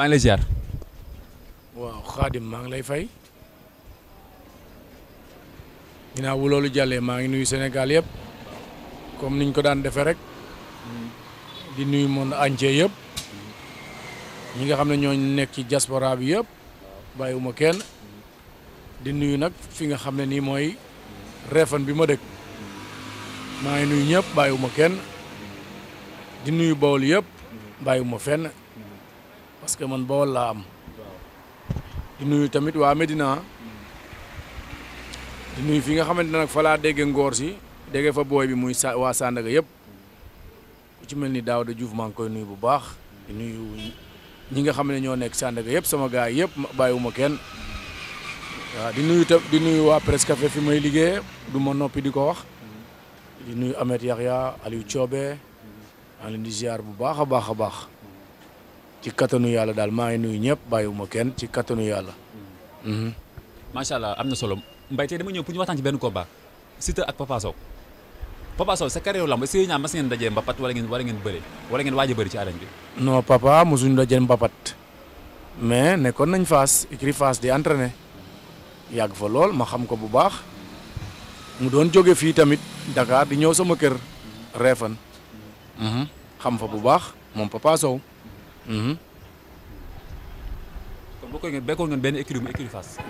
maa waaw xaadim maa ngi lay fay. ginnaaw bu loolu jàllee maa ngi nuyu Sénégal yëpp comme niñ ko daan defee rek di nuyu monde entier yëpp ñi nga xam ne ñoo nekk ci diaspora bi yëpp bàyyiwuma kenn di nuyu nag fi nga xam ne nii mooy reefan bi ma dëkk maa ngi nuyu ñëpp bàyyiwuma kenn di nuyu Bawol yëpp bàyyiwuma fenn parce que man Bawol laa am. di nuyu tamit waa Medina. di nuyu fi nga xamante ne nag fa laa déggee ngoor si dégg fa booy bi muy sa waa Sandaga yëpp ku ci mel ni Daouda Diouf maa koy nuyu bu baax. di nuyu ñi nga xam ne ñoo nekk Sandaga yëpp sama gars yëpp bàyyiwuma kenn. waaw di nuyu tam di nuyu waa Presse Café fi may liggéey duma noppi di ko wax di nuyu Ahmed Yahya Aliou Thiobe maa ngi leen bu baax a baax a baax. ci kattanu yàlla daal maa ngi nuyu ñëpp bàyyiwuma kenn ci kattanu yàlla. Mhm. macha allah am na solo Mbaye tey dama ñëw pour ñu waxtaan ci benn koo Siteu ak Papa Sow Papa Sow sa carrière lamb si ñaar mas ngeen dajee mbapat wala ngeen wala ngeen bëri wala ngeen waaj a bëri ci arène bi. non papa mosuñu dajee mbapat mais nekkoon nañ Fass écurie Fass di entraîner yàgg fa lool ma xam ko bu baax mu doon jóge fii tamit Dakar di ñëw sama kër Réfane mhm. xam fa bu baax moom Papa Mhm. kon bokkoon bekkoon benn écurie mu écurie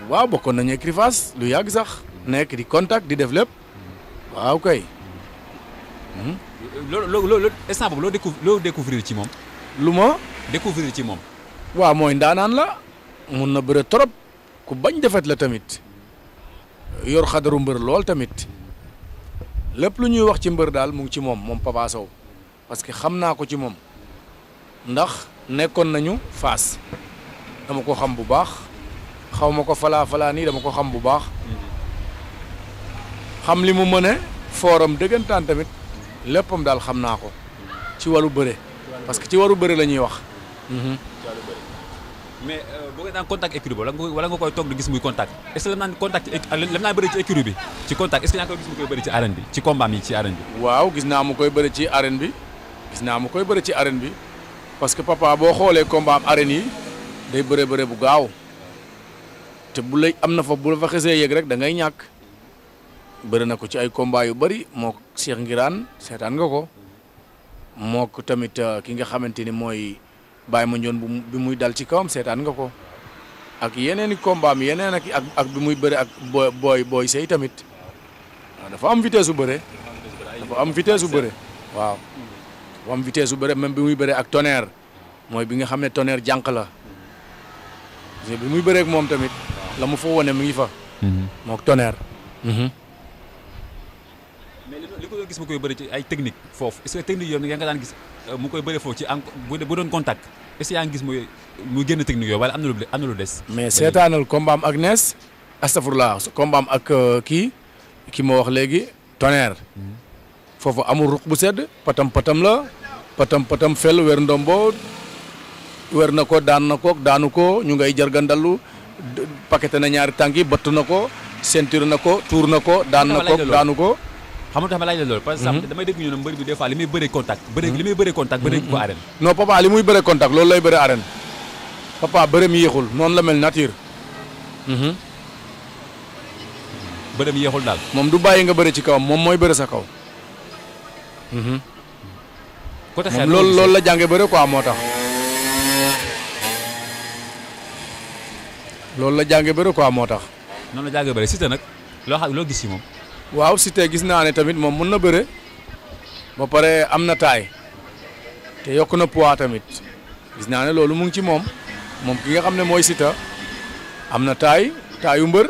waaw bokkoon nañu écurie lu yàgg sax. nekk di contact di def lépp. waaw kay. Mhm. loo loo loo instant ci moom. lu ma. découvrir ci moom. waaw mooy ndaanaan la. mun na bëre trop. ku bañ defet la tamit. yor xadaru mbër lool tamit. lépp lu ñuy wax ci mbër daal mu ci moom moom Papa Sow parce que xam naa ko ci moom ndax nekkoon nañu faas dama ko xam bu baax xaw ma ko falaa falaa nii dama ko xam bu baax xam li mu mëne fooram dëggantaan tamit léppam daal xam naa ko ci waru bëre parce que ci waru bëre la ñuy wax. Mhm. mais boo ko daan contact écurie ba wala nga koy toog gis muy contact est-ce que lam naan contact ah, ci écurie bi ci contact est-ce koy gis mu koy bëri ci arène bi ci combat yi ci arène bi. waaw gis naa mu koy bëri ci arène bi gis naa mu koy bëri ci arène bi. parce que papa boo xoolee combat am yi day bëre bëre bu gaaw te bu lay am na fa bu la fa xesee yëg rek da ngay ñàkk bëri na ko ci ay combat yu bari mook Cheikh Ngiraan seetaan nga ko moo tamit euh, ki nga xamante ni mooy Baye Mandione bu muy dal ci kawam seetaan nga ko ak yeneen i combat am yeneen ak ak bi muy bëri ak booy booy sey tamit dafa am vitesse su bëre dafa am vitesse su bëre waaw bu am vitesse bu bëre même bi muy bëree ak tonnerre mooy bi nga xam ne tonnerre jànq la bi muy bëree moom tamit la mu foo wane mu ngi fa. Mhm. mook tonnerre. Mhm. mais li ko gis mu koy bëri ci ay technique foofu est-ce que technique daan gis euh, mu koy bëri foofu ci bu doon contact est-ce yaa ngi gis mu génn technique yooyu wala am na lu am lu des. mais seetaanal kombaam ak nees astafurlaa kombaam ak euh, kii ki moo wax léegi tonnerre. Mhm. foofu amul ruq bu sedd patam patam la patam patam fel weer ndombo weer na ko daan na ko daanu ko ñu ngay jargandalu paqueté na ñaari tànk yi bëtt na ko ceinture na ko tuur na ko daan na ko daanu ko xam nga tax ma laaj la loolu exemple mhm. damay dégg ñu ne mbër bi li muy bëree contact mhm. bëri li muy bëree contact bëri ko mhm. arène non papa li muy bëree contact loolu lay bëri arène papa yéexul noonu la mel nature bërëm yéexul daal moom du bàyyi nga bëri ci kawam moom mooy bëri sa kaw côté xeex loolu loolu la jànge bëre quoi moo tax. loolu la jànge bëre quoi moo tax. noonu la jànge bëre Siteu nag loo xam loo gis si moom. waaw Siteu gis naa ne tamit moom mun na bëre ba pare am na taay te yokk na poids tamit gis naa ne loolu mu ngi ci moom moom ki nga xam ne mooy sita am na taay taayu mbër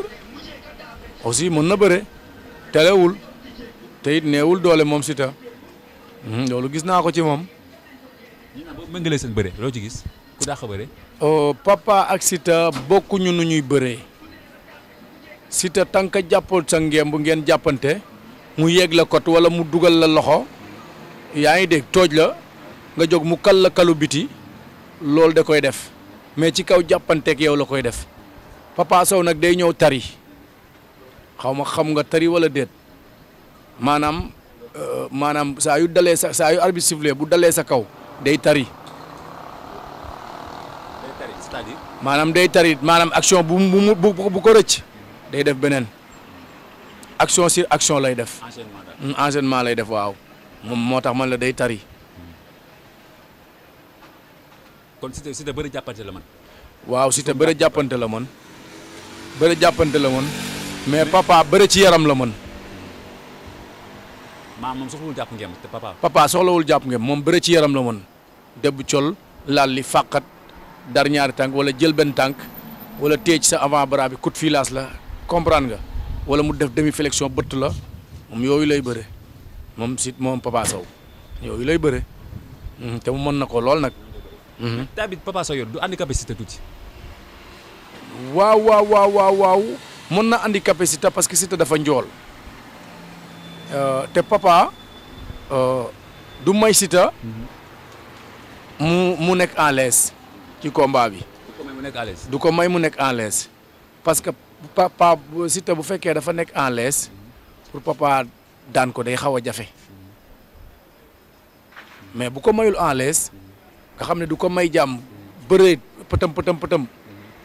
aussi mun na bëre telewul te it neewul doole moom sita Mhm, loolu gis naa ko ci moom. ñu naan boobu seen bëre loo ci gis ku a bëre. Oh, papa ak Siteu bokkuñu nu ñuy bëree Siteu tànk jàppal sa ngemb ngeen jàppante mu yéeg la kot wala mu dugal la loxo yaa ngi dégg tooj la nga jóg mu kal la kalu biti loolu da koy def mais ci kaw jàppanteeg yow la koy def Papa Sow nag day ñëw tari xaw ma xam nga tari wala déet maanaam. Euh, maanaam saa yu dalee sa saa yu arbitre sifflé bu dalee sa kaw day tari. day maanaam day tari maanaam action bu mu bu ko rëcc day def beneen action si action lay def. Mm, enchaînement lay def waaw moom moo tax man la day tari. kon Siteu bëri jàppante la man. waaw Siteu bëri jàppante la man. bëri jàppante la man. mais papa bëri ci yaram la man. maam moom soxlawul jàpp ngeen te papa. papa jàpp ngeen moom bëre ci yaram la woon debb col laal li fàqat dar ñaari tànk wala jël benn tànk wala téye ci sa avant bras bi coup de la comprendre nga wala mu def demi flexion bëtt la moom yooyu lay bëre moom si moom papa Sow yooyu lay bëre hmm, te mu mën na ko lool nag. Hmm. tamit papa Sow yor du handicapé si te tuuti. waaw waaw waaw waaw waaw mën na handicapé si te parce que si te dafa njool. Euh, te papa euh, du may Siteu mu mu nekk en l'aise ci combat bi. du ko may mu nekk en l'aise. du ko may mu nekk en l'aise parce que papa Siteu bu fekkee dafa nekk en l'aise pour papa daan ko day xaw a jafe mais bu ko mayul en l'aise nga xam ne du ko may jàmm bëree pëtëm pëtëm pëtëm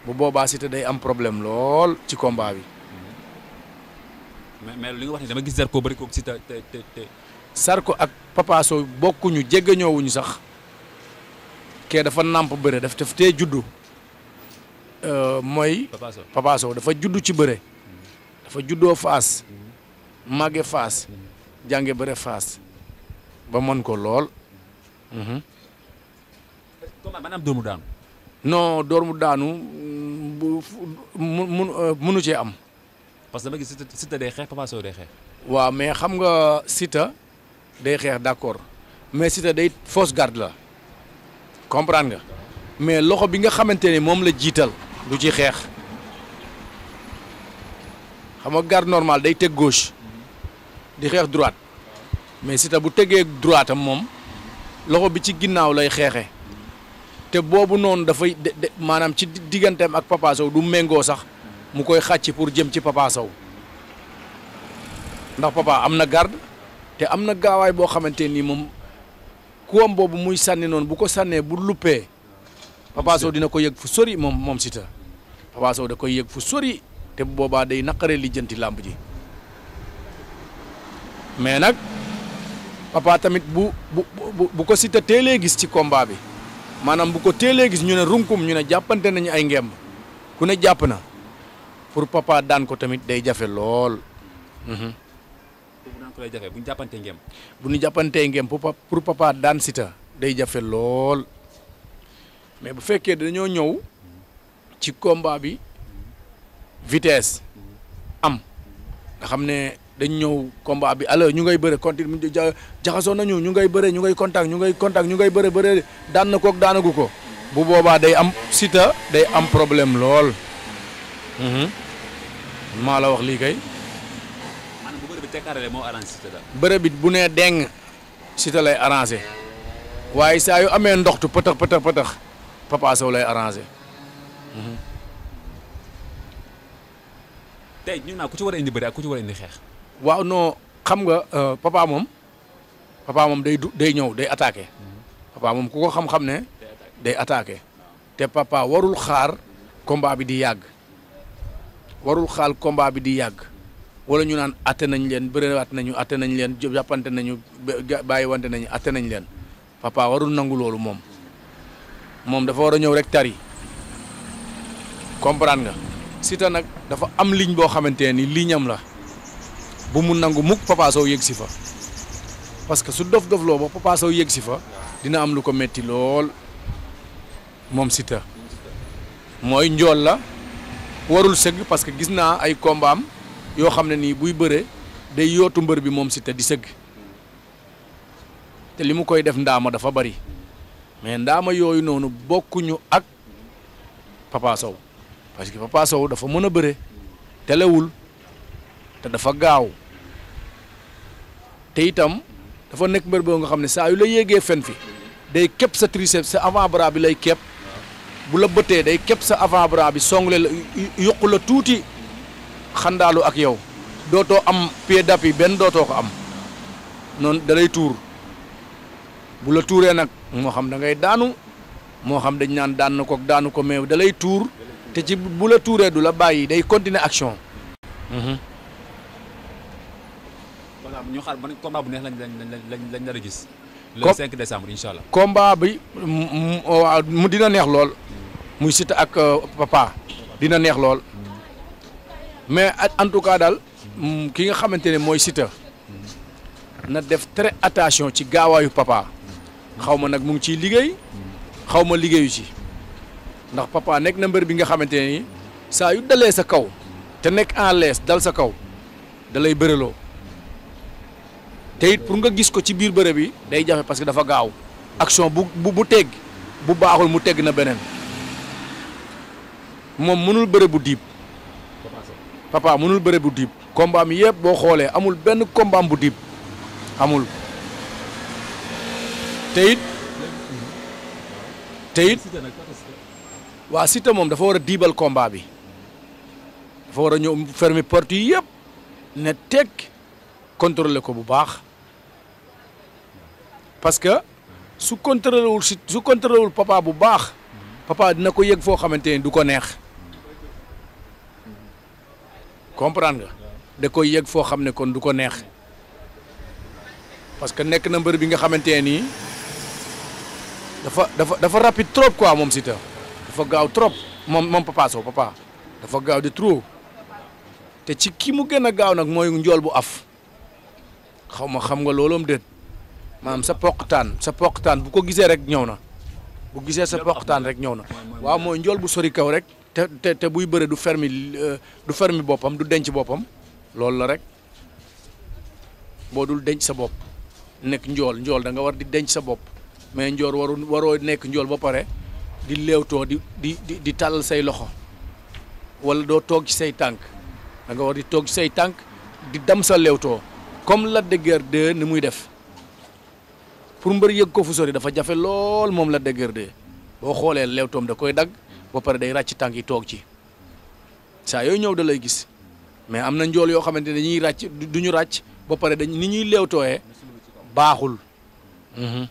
bu boobaa Siteu day am problème lool ci combat bi. mais mais li nga wax ni dama gis Zarko bëri ko si te te te. Zarko ak Papa Sow bokkuñu jéggañoowuñu sax kee dafa nàmp bëre daf daf tee juddu euh, mooy. Papa dafa juddu ci bëre. dafa juddoo faas. màgge faas. jànge bëre faas. ba mën ko lool. comment maanaam dóor mu mu munu cee am. parce que dama gis Siteu day xeex Papa Sow day xeex. waaw mais xam nga sita day xeex d'accord mais Siteu day fausse garde la comprendre nga mais loxo bi nga xamante ne moom la jiital du ci xeex xam nga garde normal day teg gauche di xeex droite mais Siteu bu tegee droite am moom loxo bi ci ginnaaw lay xeexe te boobu noonu dafay de maanaam ci digganteem ak Papa du méngoo sax. mu koy xàcc pour jëm ci Papa ndax Papa am na garde te am na gaawaay boo xamante nii moom kuwam boobu muy sànni noonu bu ko sànnee bu luppee Papa dina ko yëg fu sori moom moom sita Papa Sow da koy yëg fu sori te bu boobaa day naqaree lijjanti làmb ji mais nag Papa tamit bu bu bu bu ko Siteu teelee gis ci combat bi maanaam bu ko teelee gis ñu ne runkum ñu ne jàppante nañu ay ngemb ku ne jàpp na. pour papa daan ko tamit day jafe lool. Mhm. pour jafe bu ñu jàppantee bu ñu jàppantee ngeen pour papa daan sita day jafe lool mais bu fekkee dañoo ñëw ci combat bi vitesse am nga xam ne dañ ñëw combat bi alors ñu ngay bëre continue jaxasoo nañu ñu ngay bëre ñu ngay contact ñu ngay contact ñu ngay bëre bëre daan na koog daanagu ko bu boobaa day am sita day am problème lool. Mhm. maa la wax lii kay. maanaam bu bu nee deng Siteu lay arrangé waaye saa yu amee ndoxtu pëtëx pëtëx pëtëx Papa Sow lay arrangé. Mhm. tey ñu naa ku ci war a indi bëri ak ku ci war indi xeex. waaw noo xam nga euh, papa moom papa moom day du day ñëw day attaqué mhm. papa moom ku ko xam-xam ne day attaqué te papa warul xaar combat bi di yàgg. warul xaal combat bi di yàgg wala ñu naan atte nañ leen bëriwaat nañu atte nañ leen jàppante nañu bàyyiwante nañu atte nañ leen papa warul nangu loolu moom moom dafa war a ñëw rek tari comprendre nga Siteu nag dafa am ligne boo xamante ne ni ligne am la bu mu nangu mukk Papa Sow si fa parce que su dof dof loo ba Papa Sow si fa dina am lu ko metti lool moom Siteu mooy njool la warul sëgg parce que gis naa ay combat yoo xam ne nii buy bëree day yootu mbër bi moom si te di sëgg te li mu koy def ndaama dafa bari mais ndaama yooyu noonu bokkuñu ak Papa Sow parce que Papa dafa mën a bëre telewul te dafa gaaw te itam dafa nekk mbër boo nga xam ne saa yu la yéegee fen fi day képp sa triceps sa avant bras bi lay képp bu la bëttee day képp sa avant bras bi songle la yokku la tuuti xandaalu ak yow dooto am pied d'appui benn dootoo ko am noonu dalay tuur bu la tuuree nag moo xam dangay daanu moo xam dañ naan daan na ko daanu ko mais dalay tuur te ci bu la tuuree du la bàyyi day continuer action. Mhm. maanaam ñu xaar ban combat bu neex lañ lañ lañ lañ nar a gis. le 5 décembre incha allah. combat bi mu dina neex lool. muy Siteu ak euh, papa dina neex lool. mais en tout cas daal ki nga xamante ne mooy sita na def très attention ci gaawaayu papa xaw ma nag mu ngi ciy liggéey xaw ma liggéeyu ci ndax papa nekk na mbër bi nga xamante ne saa yu dalee sa kaw te nekk en les dal sa kaw da lay bëreloo. te it pour nga gis ko ci biir bërëb yi day jafe parce que dafa gaaw action bu bu bu tegg bu baaxul mu teg na beneen moom mënul bëre bu diib papa mënul bëre bu diib combat am yëpp boo xoolee amul benn combat bu diib amul te it te it waa Siteu moom dafa war a diibal kombaa bi dafa war a ñëw fermer porte yi yëpp ne teg contrôler ko bu baax parce que su contrôlé wul si su contrôlé wul papa bu baax papa dina ko yëg foo xamante ni du ko neex comprendre nga da ko yëg foo xam ne kon du ko neex parce que nekk na mbër bi nga xamante nii dafa dafa dafa rapide trop quoi moom si ta dafa gaaw trop moom moom papa Sow papa dafa gaaw di trop te ci ki mu gën a gaaw nag mooy njool bu af xaw ma xam nga looloo mu déet maanaam sa poqtaan sa poqtaan bu ko gisee rek ñëw na bu gisee sa poqtaan rek ñëw na waaw mooy njool bu sori kaw rek te te buy bëre du fermi du fermi boppam du denc boppam loolu la rek boo dul denc sa bopp nekk njool njool da nga war di denc sa bopp mais njoor waru waroo nekk njool ba pare di léewtoo di di di di tàllal say loxo wala doo toog ci say tànk danga nga war di toog ci say tànk di dam sa léewtoo comme la de Guiers 2 ni muy def pour mbër yëg ko fu sori dafa jafe lool moom la dëgër boo xoolee leew da koy dagg ba pare day ràcc tàng yi toog ci saa yooyu ñëw da lay gis mais am na njool yoo xamante ne dañuy ràcc du ñu ràcc ba pare dañ ni ñuy leewtooyee baaxul. Mhm.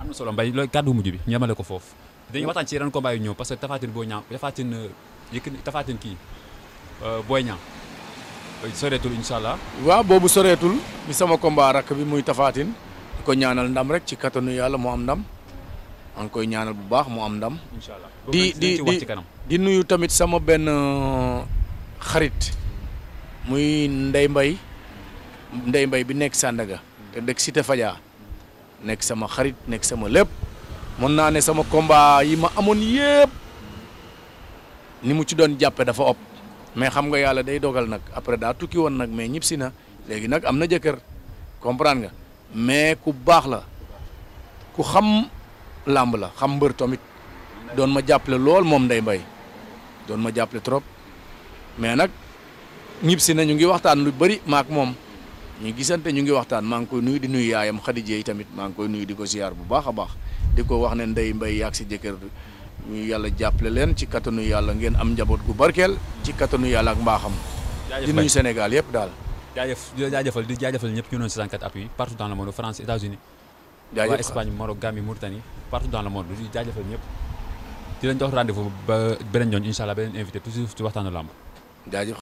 am na solo Mbaye loolu kàddu mujj bi ñamale ko foofu. dañuy waxtaan ci yeneen combat yu ñëw parce que Tapha Tine boo ñaaw Tapha Tine euh, yëkk Tapha kii euh, booy Niang soreetul incha allah. waaw boobu soreetul mi sama combat rakk bi muy tafaatin di ko ñaanal ndam rek ci kattanu yàlla mu am ndam maa ngi koy ñaanal bu baax mu am ndam. incha allah di di di di nuyu tamit sama benn euh, xarit muy Ndey Mbay Ndey Mbay bi nekk Sandaga te si te Fadia nekk sama xarit nekk sama lépp mën naa ne sama combat yi ma amoon yépp ni mu ci doon jàppe dafa ëpp. mais xam nga yàlla day dogal nag après daa tukki woon nag mais ñibbisi na léegi nag am na jëkkër comprendre nga mais ku baax la ku xam làmb la xam mbër tamit doon ma jàppale lool moom nday mbay doon ma jàppale trop mais nag ñibbisi na ñu ngi waxtaan lu bëri maak moom ñu gisante ñu ngi waxtaan maa ngi koy nuyu di nuyu yaayam Khady tamit maa ngi koy nuyu di ko ziar bu baax a baax di ko wax ne nday mbay yaag si jëkkër ñu yàlla jàppale leen ci kattanu yàlla ngeen am njaboot gu barkeel ci kattanu yàlla ak mbaaxam di nuyu Sénégal yëpp daal jaajëf di la jaajëfal di jaajëfal ñëpp ñu noon partout dans le monde France États-Unis waa Espagne Maroc Gambie Mauritanie partout dans le monde di jaajëfal ñëpp di leen jox rendez-vous ba beneen yoon incha allah beneen invité toujours ci waxtaanu làmb